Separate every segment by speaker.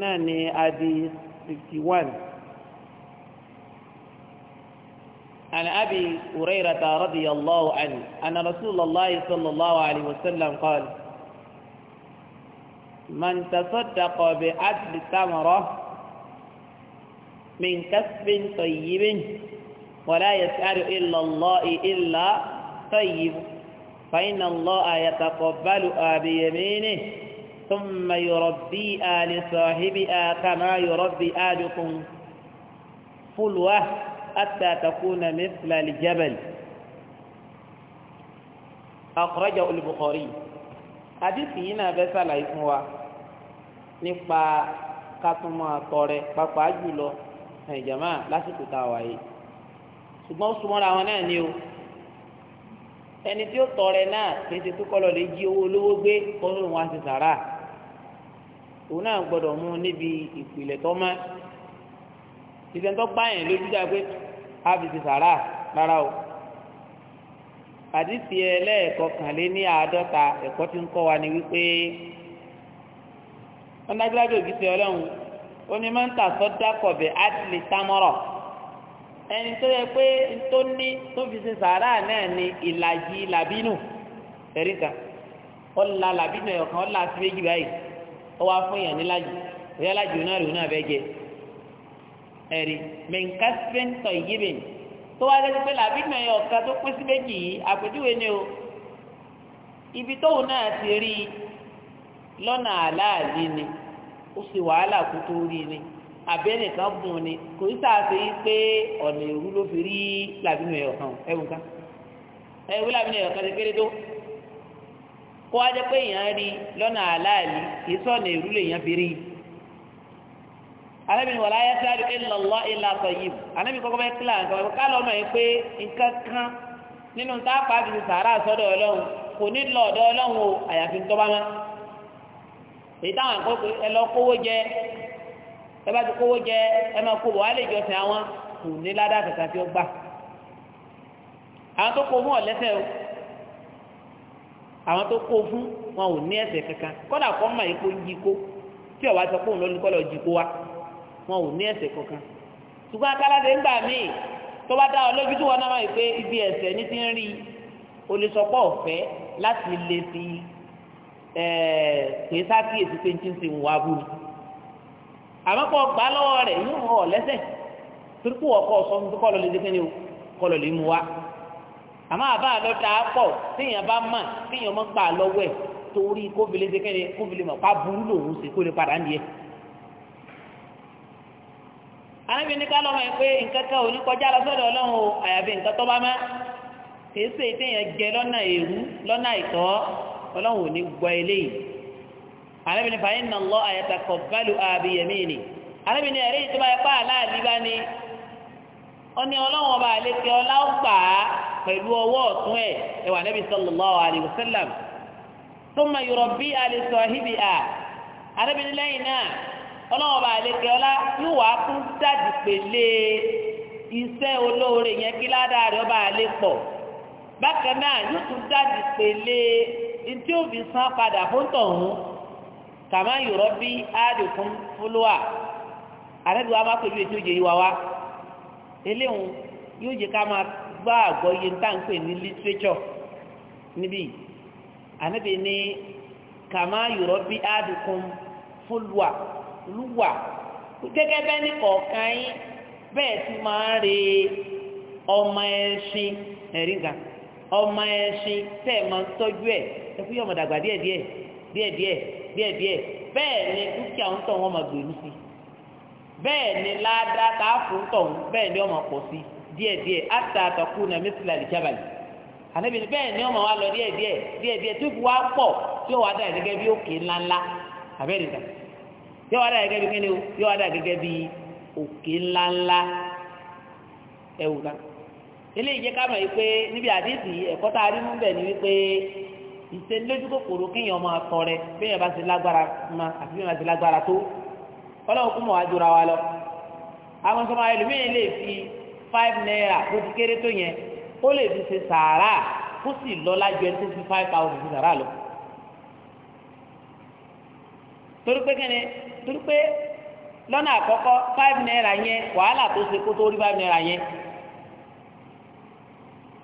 Speaker 1: náà ni adi 51 عن أبي هريرة رضي الله عنه أن رسول الله صلى الله عليه وسلم قال من تصدق بعدل ثمرة من كسب طيب ولا يسأل إلا الله إلا طيب فإن الله يتقبلها بيمينه ثم يربيها لصاحبها كما يربي أحدكم فلوة حتى تكون مثل الجبل أخرجه البخاري àdìsí yìí náà fẹ́ sàlàyé fún wa nípa kátùmọ̀ àtọrẹ pàápàá jùlọ ìjàmá lásìkò tá a wà yìí ṣùgbọ́n súnmọ́ra wọn náà ni o ẹni tí ó tọrẹ náà kì í ṣe tó kọ́ lọ lè jí owó olówó gbé kó lóun wá sí sàrà òun náà gbọ́dọ̀ mú níbi ìpìlẹ̀ tó mọ́ ìṣẹ́ gbáyẹn lójú dá pé a sàrà rárá o àdìsí ẹlẹ́ẹ̀kọkànlé ní àádọ́ta ẹ̀kọ́ tí ń kọ́ wa ni wípé wọ́n dájúdájú ọlọ́run máa ń tà sọ́dá kọ̀bẹ̀ támọ́rọ̀ ẹni tó yẹ pé tó ní tó fi ṣe sàrà náà ni ìlàjì làbínú ọ̀la ọwọ́ afọ́yàn níláàjì ìyá láàjì onáàrí onáà bẹ́ẹ̀ jẹ ẹ̀rí mẹ́ǹkásífẹ́ǹ tọ̀ ìyíbìn tó wá lẹ́sí pé làbí mẹ́yìn ọ̀ka tó pín sí méjì yìí àpèjúwe ni o ibi tóun náà ti rí i lọ́nà àláàlí ni ó sì wàhálà kó tó rí ni àbẹ́nìkan bùn ni kò sí sàáfẹ́ yí pé ọ̀nà ìrú ló fi rí làbínú ẹ̀yọ̀kan ẹ̀wùn kan ẹ̀wùn làbínú ẹ̀yọ̀kan ti kéré tó kó a jẹ́ pé èèyàn rí lọ́nà àláàlì kìí sọ̀nà èrú lèèyàn fi rí alábìnrin wà láyé sáré kọ́kọ́ bẹ́ẹ̀ kílà nǹkan kálọ̀ ọmọ yẹn pé nǹkan kan nínú táàpá fi sàárà sọ́dọ̀ ọlọ́run kò ní lọ ọ̀dọ̀ ọlọ́run o àyàfi tó bá èyí táwọn àkókò ẹ ti kówó jẹ ẹ máa kó bọ̀ wá lè àwọn kò ní ládàá kàkà tí ó àwọn tó kó fún wọn ò ní ẹ̀ṣẹ̀ kankan kódà kọ́ mà yìí kó yí kó tí ọ̀wá sọ pé òun ló ní kọ́ lọ jí kó wa wọn ò ní ẹ̀ṣẹ̀ kankan ṣùgbọ́n akáládé ń gbà míì tó bá dá ọ lójú tí wọn náà máa pé ibi ẹ̀ṣẹ̀ ní ti ń rí olùsọpọ̀ ọ̀fẹ́ láti lè fi pé sákìyèsí pé ti ń sin wà bú ni àmọ́ kọ́ gbà lọ́wọ́ rẹ̀ yóò hàn ọ́ lẹ́sẹ̀ torí kó wọ́n kọ́ sọ àmọ́ àbá lọ da pọ̀ téèyàn bá mà téèyàn mọ́ gbà lọ́wọ́ ẹ̀ torí kófìlẹ̀ ṣe kẹ́lẹ́ kófìlẹ̀ mọ̀ pa burú lòun ṣe kó lè padà ń yẹ. anábì ní ká pé nǹkan kan ò ní kọjá lọ sọ́dọ̀ ọlọ́run o àyàfi nǹkan tó bá kìí ṣe jẹ lọ́nà ní gbọ́ eléyìí. ní fàyín nà lọ bálù ni pẹ̀lú ọwọ́ ọ̀tún ẹ̀ ẹwà nẹ́bí sallallahu alayhi wa sallam thumma yurabbi ala sahibiha arábìnrin lẹ́yìn náà ọlọ́wọ́ bá ọlá yóò wá fún dájú pèlè iṣẹ́ olóore yẹn kí ládàá rẹ̀ ọba àlè pọ̀ bákan náà yóò tún dájú pèlè ntí ó san padà fún tọ̀hún kàmá àdìkún fúlùwà pèlú ètò ìjẹ́ yìí wá wá yóò jẹ́ ká máa gbá àgbọ́yé táǹpé ní literature níbí ànábì ní kàmá yòrọ bí àdìkún fún lùwà gẹ́gẹ́ bẹ́ẹ̀ ní kọ̀ọ̀kan yín bẹ́ẹ̀ ti máa ń re ọmọ ẹṣin ẹ̀rí ọmọ ẹṣin tẹ́ ẹ̀ máa ń tọ́jú ẹ̀ dàgbà díẹ̀díẹ̀ díẹ̀díẹ̀ díẹ̀díẹ̀ bẹ́ẹ̀ ni dúkìá ń tọ̀ wọ́n máa gbèrú sí bẹ́ẹ̀ ni ládàá bẹ́ẹ̀ ni ọmọ díẹ̀díẹ̀ ata àtọ̀kù na mẹsìlá ìjábàlì ànábì bẹ́ẹ̀ ni ọmọ wa lọ díẹ̀díẹ̀ díẹ̀díẹ̀ tó fi wá pọ̀ tí ó wà dà bí òkè ńláńlá abẹ́rẹ́ dà bí kíni o yóò wá dà gẹ́gẹ́ bí òkè ńláńlá ẹ̀wù kan eléyìí jẹ́ ká yìí pé níbi tá a rí mú ni wípé ìṣe kòkòrò kéèyàn máa tọrẹ béèyàn bá ti lágbára ma àti béèyàn bá ti lágbára tó wá jura wa lọ àwọn five naira bó ti kéré tó yẹn ó lè fi ṣe sàárà kó sì lọ́lá ju ẹni tó fi five thousand fi sàárà lọ. torí pé kíni torí pé lọ́nà àkọ́kọ́ five naira yẹn wàhálà tó ṣe kó tó rí five naira yẹn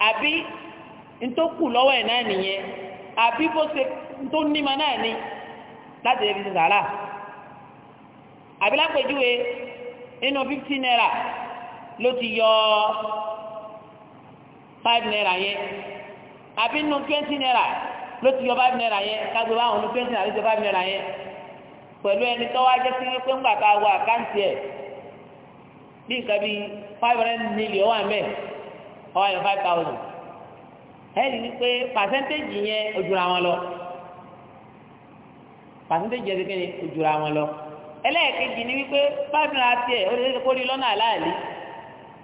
Speaker 1: àbí ntòkù lọ́wọ́ ẹ̀ náà nìyẹn àbí bó ṣe tó nímọ̀ náà ni láti lè fi ṣe sàárà àbí lápèjúwe nínú fifteen naira ló ti yọ five naira yẹn àbí nínú twenty naira ló ti yọ five naira yẹn kágbé báwọn nínú twenty naira ló ti yọ five naira yẹn pẹ̀lú ẹni tó wá jẹ́ sí pé ńgbà tá a wọ àkáǹtì ẹ̀ bí nǹkan bíi five hundred million wà mẹ́ ọwọ́ yẹn five thousand ẹ̀rí ni pé pàṣẹ́ntéèjì yẹn ojúra wọn lọ pàṣẹ́ntéèjì yẹn kékeré ojúra wọn lọ ẹlẹ́ẹ̀kejì ni wípé five naira tiẹ̀ ó lè kórìí lọ́nà aláàlí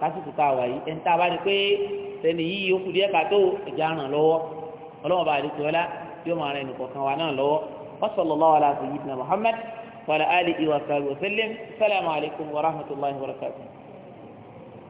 Speaker 1: lásìkò tá a wà yìí ẹni tá a bá rí pé sẹni yìí ó kù díẹ̀ ká tó ẹ̀já ràn lọ́wọ́ ọlọ́wọ́n bá rí tiwọ́lá yóò máa ràn ẹnìkọ̀ọ̀kan wa náà lọ́wọ́ wasallallahu ala sayyidina muhammad wa ala alihi wa sallam salamu alaykum wa rahmatulahi wa barakatuh.